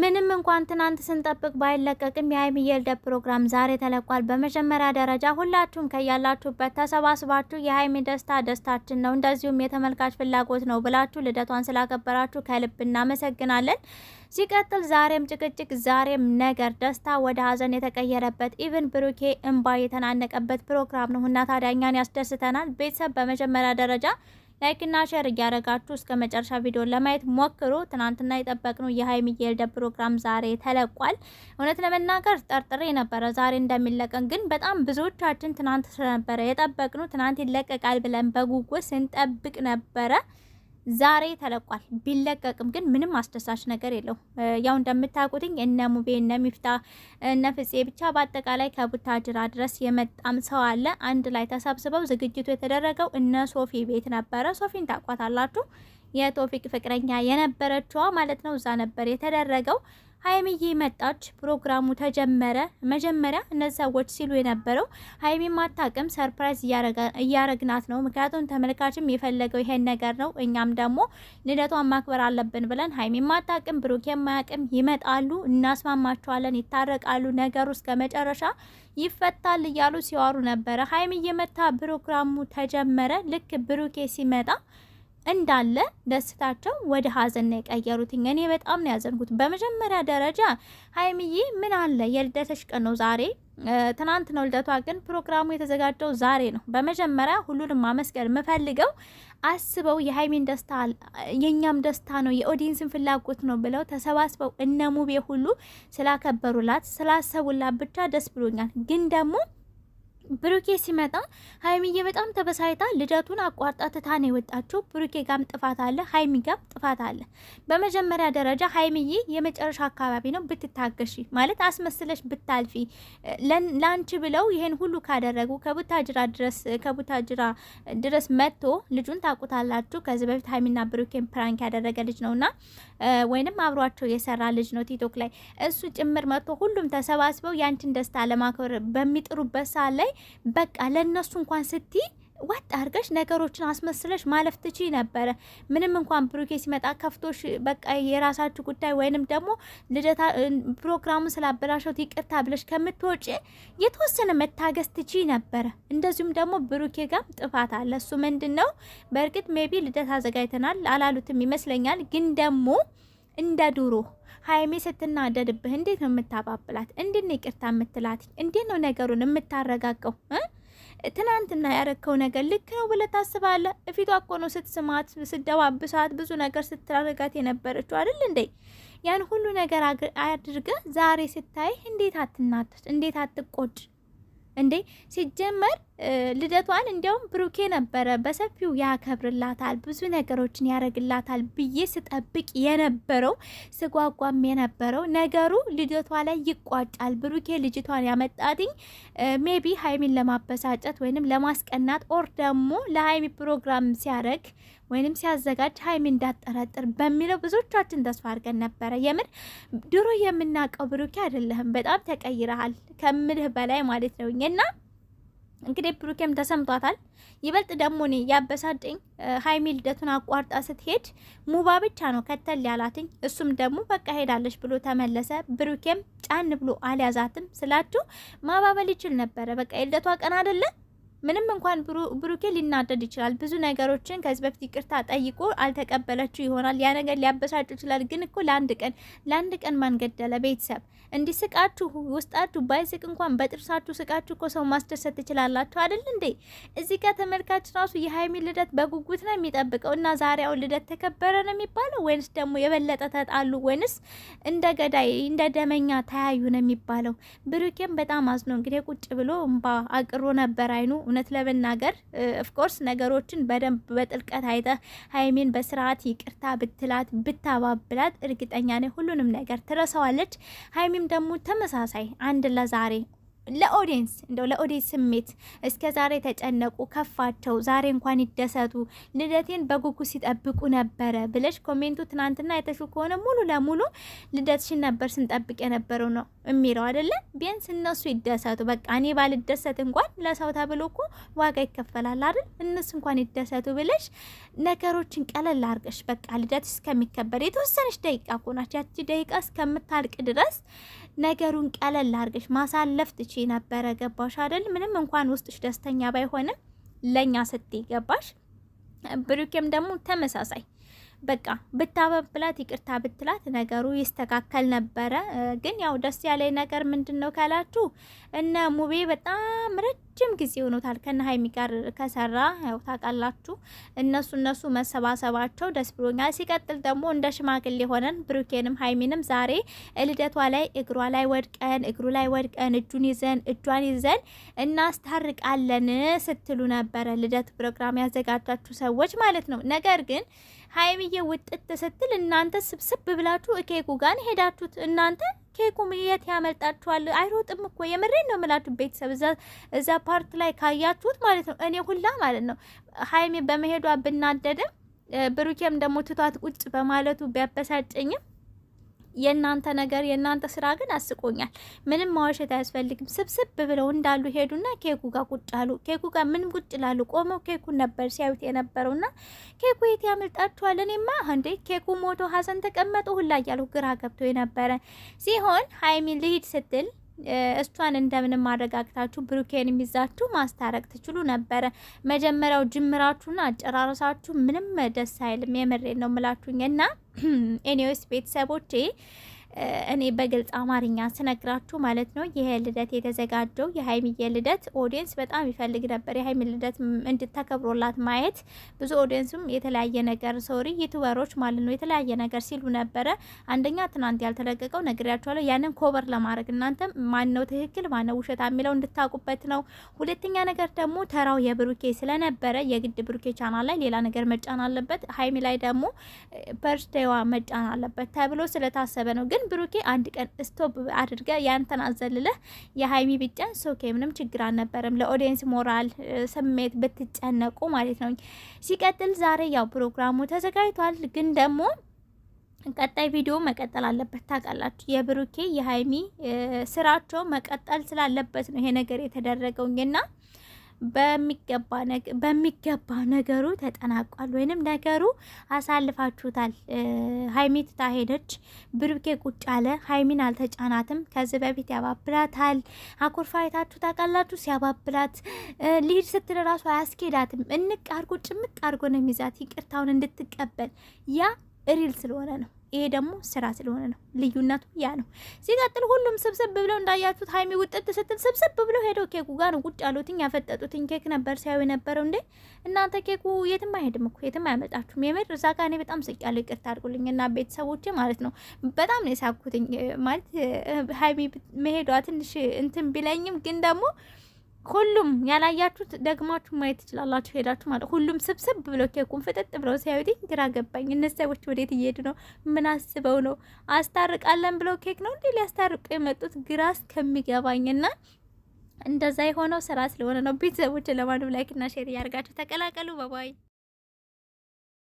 ምንም እንኳን ትናንት ስንጠብቅ ባይለቀቅም የሀይሚ ልደት ፕሮግራም ዛሬ ተለቋል። በመጀመሪያ ደረጃ ሁላችሁም ከያላችሁበት ተሰባስባችሁ የሀይሚ ደስታ ደስታችን ነው፣ እንደዚሁም የተመልካች ፍላጎት ነው ብላችሁ ልደቷን ስላከበራችሁ ከልብ እናመሰግናለን። ሲቀጥል ዛሬም ጭቅጭቅ፣ ዛሬም ነገር ደስታ ወደ ሀዘን የተቀየረበት ኢቭን ብሩኬ እንባ የተናነቀበት ፕሮግራም ነው እና ታዲያ እኛን ያስደስተናል። ቤተሰብ በመጀመሪያ ደረጃ ላይክና ሼር እያደረጋችሁ እስከ መጨረሻ ቪዲዮ ለማየት ሞክሩ። ትናንትና የጠበቅነው የሀይሚ የልደ ፕሮግራም ዛሬ ተለቋል። እውነት ለመናገር ጠርጥሬ ነበረ ዛሬ እንደሚለቀን ግን በጣም ብዙዎቻችን ትናንት ስለነበረ የጠበቅነው ትናንት ይለቀቃል ብለን በጉጉት ስንጠብቅ ነበረ። ዛሬ ተለቋል። ቢለቀቅም ግን ምንም አስደሳች ነገር የለው። ያው እንደምታውቁትኝ እነ ሙቤ እነ ሚፍታ እነ ፍጼ ብቻ በአጠቃላይ ከቡታጅራ ድረስ የመጣም ሰው አለ። አንድ ላይ ተሰብስበው ዝግጅቱ የተደረገው እነ ሶፊ ቤት ነበረ። ሶፊን ታቋታላችሁ፣ የቶፊቅ ፍቅረኛ የነበረችዋ ማለት ነው። እዛ ነበር የተደረገው። ሀይሚዬ መጣች፣ ፕሮግራሙ ተጀመረ። መጀመሪያ እነዚህ ሰዎች ሲሉ የነበረው ሀይሚ ማታቅም ሰርፕራይዝ እያረግናት ነው፣ ምክንያቱም ተመልካችም የፈለገው ይሄን ነገር ነው፣ እኛም ደግሞ ልደቷን ማክበር አለብን ብለን ሀይሚ ማታቅም ብሩክ የማያቅም ይመጣሉ፣ እናስማማቸዋለን፣ ይታረቃሉ፣ ነገሩ እስከ መጨረሻ ይፈታል እያሉ ሲዋሩ ነበረ። ሀይሚዬ መታ፣ ፕሮግራሙ ተጀመረ። ልክ ብሩኬ ሲመጣ እንዳለ ደስታቸው ወደ ሀዘን ነው የቀየሩት። እኔ በጣም ነው ያዘንኩት። በመጀመሪያ ደረጃ ሀይሚዬ ምን አለ የልደተሽ ቀን ነው ዛሬ። ትናንት ነው ልደቷ፣ ግን ፕሮግራሙ የተዘጋጀው ዛሬ ነው። በመጀመሪያ ሁሉንም ማመስገን የምፈልገው አስበው የሀይሚን ደስታ የእኛም ደስታ ነው፣ የኦዲየንስን ፍላጎት ነው ብለው ተሰባስበው እነሙቤ ሁሉ ስላከበሩላት ስላሰቡላት ብቻ ደስ ብሎኛል። ግን ደግሞ ብሩኬ ሲመጣ ሀይሚዬ በጣም ተበሳይታ ልደቱን አቋርጣ ትታ ነው የወጣችው። ብሩኬ ጋም ጥፋት አለ፣ ሀይሚ ጋም ጥፋት አለ። በመጀመሪያ ደረጃ ሀይሚዬ የመጨረሻ አካባቢ ነው ብትታገሺ፣ ማለት አስመስለሽ ብታልፊ ለአንቺ ብለው ይሄን ሁሉ ካደረጉ ከቡታጅራ ድረስ ከቡታጅራ ድረስ መጥቶ ልጁን ታቁታላችሁ ከዚህ በፊት ሀይሚና ብሩኬን ፕራንክ ያደረገ ልጅ ነውና ወይንም አብሯቸው የሰራ ልጅ ነው ቲክቶክ ላይ እሱ ጭምር መጥቶ ሁሉም ተሰባስበው ያንቺን ደስታ ለማክበር በሚጥሩበት ሰዓት ላይ በቃ ለእነሱ እንኳን ስቲ ወጥ አድርገሽ ነገሮችን አስመስለሽ ማለፍ ትቺ ነበረ። ምንም እንኳን ብሩኬ ሲመጣ ከፍቶሽ በቃ የራሳችሁ ጉዳይ ወይንም ደግሞ ልደታ ፕሮግራሙን ስላበላሸውት ይቅርታ ብለሽ ከምትወጪ የተወሰነ መታገስ ትቺ ነበረ። እንደዚሁም ደግሞ ብሩኬ ጋም ጥፋት አለ። እሱ ምንድን ነው? በእርግጥ ሜቢ ልደት አዘጋጅተናል አላሉትም ይመስለኛል፣ ግን ደግሞ እንደ ዱሮ ሀይሜ ስትናደድብህ እንዴት ነው የምታባብላት? እንዴት ነው ይቅርታ የምትላት? እንዴት ነው ነገሩን የምታረጋቀው? ትናንትና ያረከው ነገር ልክ ነው ብለህ ታስባለህ? እፊቷ እኮ ነው ስትስማት፣ ስደባብሳት፣ ብዙ ነገር ስትራረጋት የነበረችው አይደል እንዴ? ያን ሁሉ ነገር አድርገህ ዛሬ ስታይ እንዴት አትናደድ? እንዴት አትቆጭ? እንዴ ሲጀመር ልደቷን እንዲያውም ብሩኬ ነበረ በሰፊው ያከብርላታል፣ ብዙ ነገሮችን ያደርግላታል ብዬ ስጠብቅ የነበረው ስጓጓም የነበረው ነገሩ ልደቷ ላይ ይቋጫል። ብሩኬ ልጅቷን ያመጣትኝ ሜቢ ሀይሚን ለማበሳጨት ወይንም ለማስቀናት ኦር ደግሞ ለሀይሚ ፕሮግራም ሲያደርግ ወይንም ሲያዘጋጅ ሀይሚ እንዳጠረጥር በሚለው ብዙዎቻችን ተስፋ አድርገን ነበረ። የምር ድሮ የምናውቀው ብሩኬ አይደለህም፣ በጣም ተቀይረሃል ከምልህ በላይ ማለት ነው እና እንግዲህ ብሩኬም ተሰምቷታል። ይበልጥ ደግሞ እኔ ያበሳጨኝ ሀይሚ ልደቱን አቋርጣ ስትሄድ ሙባ ብቻ ነው ከተል ያላትኝ። እሱም ደግሞ በቃ ሄዳለች ብሎ ተመለሰ። ብሩኬም ጫን ብሎ አልያዛትም ስላችሁ ማባበል ይችል ነበረ። በቃ የልደቷ ቀን አደለን ምንም እንኳን ብሩኬ ሊናደድ ይችላል። ብዙ ነገሮችን ከዚህ በፊት ይቅርታ ጠይቆ አልተቀበለችው ይሆናል። ያ ነገር ሊያበሳጩ ይችላል። ግን እኮ ለአንድ ቀን ለአንድ ቀን ማን ገደለ? ቤተሰብ እንዲህ ስቃችሁ ውስጣችሁ ባይስቅ እንኳን በጥርሳችሁ ስቃችሁ እኮ ሰው ማስደሰት ትችላላችሁ አይደል እንዴ? እዚህ ጋር ተመልካች ራሱ የሀይሚን ልደት በጉጉት ነው የሚጠብቀው እና ዛሬውን ልደት ተከበረ ነው የሚባለው ወይንስ ደግሞ የበለጠ ተጣሉ ወይንስ እንደ ገዳይ እንደ ደመኛ ተያዩ ነው የሚባለው? ብሩኬም በጣም አዝኖ እንግዲህ ቁጭ ብሎ እምባ አቅሮ ነበር አይኑ እውነት ለመናገር ኦፍኮርስ ነገሮችን በደንብ በጥልቀት አይተ ሀይሜን በስርዓት ይቅርታ ብትላት ብታባብላት እርግጠኛ ነኝ ሁሉንም ነገር ትረሳዋለች። ሀይሜም ደግሞ ተመሳሳይ አንድ ለዛሬ ለኦዲንስ እንደው ለኦዲንስ ስሜት እስከ ዛሬ ተጨነቁ፣ ከፋቸው፣ ዛሬ እንኳን ይደሰቱ፣ ልደቴን በጉጉ ሲጠብቁ ነበረ ብለሽ ኮሜንቱ ትናንትና የተሹ ከሆነ ሙሉ ለሙሉ ልደትሽን ነበር ስንጠብቅ የነበረው ነው የሚለው አይደለ? ቢያንስ እነሱ ይደሰቱ። በቃ እኔ ባልደሰት እንኳን ለሰው ተብሎ እኮ ዋጋ ይከፈላል አይደል? እነሱ እንኳን ይደሰቱ ብለሽ ነገሮችን ቀለል አድርገሽ በቃ ልደት እስከሚከበር የተወሰነች ደቂቃ እኮ ናት ያቺ ደቂቃ እስከምታልቅ ድረስ ነገሩን ቀለል አድርገሽ ማሳለፍ ትቺ ነበረ። ገባሽ አይደል? ምንም እንኳን ውስጥሽ ደስተኛ ባይሆንም ለእኛ ስት ገባሽ። ብሩኬም ደግሞ ተመሳሳይ በቃ ብታበብላት ይቅርታ ብትላት ነገሩ ይስተካከል ነበረ። ግን ያው ደስ ያለ ነገር ምንድን ነው ካላችሁ እነ ሙቤ በጣም ረጅ ረጅም ጊዜ ሆኖታል ከነ ሀይሚ ጋር ከሰራ ያው ታውቃላችሁ። እነሱ እነሱ መሰባሰባቸው ደስ ብሎኛል። ሲቀጥል ደግሞ እንደ ሽማግሌ ሆነን ብሩኬንም ሀይሚንም ዛሬ ልደቷ ላይ እግሯ ላይ ወድቀን እግሩ ላይ ወድቀን እጁን ይዘን እጇን ይዘን እናስታርቃለን ስትሉ ነበረ ልደት ፕሮግራም ያዘጋጃችሁ ሰዎች ማለት ነው። ነገር ግን ሀይሚዬ ውጥት ስትል እናንተ ስብስብ ብላችሁ እኬኩ ጋን ሄዳችሁት እናንተ ኬኩም የት ያመልጣችኋል? አይሮጥም እኮ የምሬን ነው የምላችሁ ቤተሰብ። እዛ ፓርት ላይ ካያችሁት ማለት ነው እኔ ሁላ ማለት ነው ሀይሜ በመሄዷ ብናደድም ብሩኬም ደግሞ ትቷት ቁጭ በማለቱ ቢያበሳጨኝም የእናንተ ነገር የእናንተ ስራ ግን አስቆኛል። ምንም ማዋሸት አያስፈልግም። ስብስብ ብለው እንዳሉ ሄዱና ኬኩ ጋር ቁጭ አሉ። ኬኩ ጋር ምን ቁጭ ላሉ ቆመው ኬኩን ነበር ሲያዩት የነበረውና ኬኩ የት ያመልጣችኋል? እኔማ እንዴ ኬኩ ሞቶ ሀዘን ተቀመጡ ሁላ እያሉ ግራ ገብቶ የነበረ ሲሆን ሀይሚን ልሂድ ስትል እሷን እንደምንም ማረጋግታችሁ ብሩኬን የሚዛችሁ ማስታረቅ ትችሉ ነበረ። መጀመሪያው ጅምራችሁና አጨራረሳችሁ ምንም ደስ አይልም። የምሬ ነው ምላችሁኝ እና ኤኒዌይስ ቤተሰቦቼ እኔ በግልጽ አማርኛ ስነግራችሁ ማለት ነው። ይህ ልደት የተዘጋጀው የሀይሚዬ ልደት ኦዲየንስ በጣም ይፈልግ ነበር። የሀይሚ ልደት እንድተከብሮላት ማየት ብዙ ኦዲየንስም የተለያየ ነገር ሶሪ ዩቱበሮች ማለት ነው የተለያየ ነገር ሲሉ ነበረ። አንደኛ ትናንት ያልተለቀቀው ነግሬያችኋለሁ። ያንን ኮቨር ለማድረግ እናንተ ማነው ትክክል ማነው ውሸታ የሚለው እንድታውቁበት ነው። ሁለተኛ ነገር ደግሞ ተራው የብሩኬ ስለነበረ የግድ ብሩኬ ቻናል ላይ ሌላ ነገር መጫን አለበት፣ ሀይሚ ላይ ደግሞ በርዝዴዋ መጫን አለበት ተብሎ ስለታሰበ ነው ግን ብሩኬ አንድ ቀን ስቶፕ አድርገ ያንተን አዘልለህ የሀይሚ ብጫን ሶኬ ምንም ችግር አልነበረም። ለኦዲየንስ ሞራል ስሜት ብትጨነቁ ማለት ነው። ሲቀጥል ዛሬ ያው ፕሮግራሙ ተዘጋጅቷል፣ ግን ደግሞ ቀጣይ ቪዲዮ መቀጠል አለበት። ታውቃላችሁ የብሩኬ የሀይሚ ስራቸው መቀጠል ስላለበት ነው ይሄ ነገር የተደረገውና በሚገባ ነገሩ ተጠናቋል፣ ወይንም ነገሩ አሳልፋችሁታል። ሀይሚ ትታ ሄደች፣ ብሩኬ ቁጭ አለ። ሀይሚን አልተጫናትም። ከዚህ በፊት ያባብላታል፣ አኮርፋ አይታችሁ ታውቃላችሁ። ሲያባብላት ሊሂድ ስትል ራሱ አያስኬዳትም። እንቅ አርጎ ጭምቅ አርጎ ነው የሚዛት ይቅርታውን እንድትቀበል ያ ሪል ስለሆነ ነው። ይሄ ደግሞ ስራ ስለሆነ ነው። ልዩነቱ ያ ነው። ሲቀጥል ሁሉም ስብስብ ብለው እንዳያችሁት ሀይሚ ውጥት ስትል ስብስብ ብለው ሄደው ኬኩ ጋር ነው ቁጭ ያሉትኝ። ያፈጠጡትኝ ኬክ ነበር ሲያዩ የነበረው። እንዴ እናንተ ኬኩ የትም አይሄድም እኮ የትም አያመጣችሁም። የምር እዛ ጋ እኔ በጣም ስቅ ያለ ይቅርታ አድርጉልኝ እና ቤተሰቦቼ ማለት ነው በጣም ነው የሳኩትኝ። ማለት ሀይሚ መሄዷ ትንሽ እንትን ቢለኝም ግን ደግሞ ሁሉም ያላያችሁት ደግማችሁ ማየት ትችላላችሁ፣ ሄዳችሁ ማለት ሁሉም ስብስብ ብሎ ኬኩን ፍጥጥ ብለው ሲያዩት ግራ ገባኝ። እነዚህ ሰዎች ወዴት እየሄዱ ነው? ምን አስበው ነው? አስታርቃለን ብለው ኬክ ነው እንዴ ሊያስታርቁ የመጡት? ግራ ና እንደዛ የሆነው ስራ ስለሆነ ነው። ቤተሰቦች ለማንም ላይክና ሼር እያደርጋችሁ ተቀላቀሉ። በባይ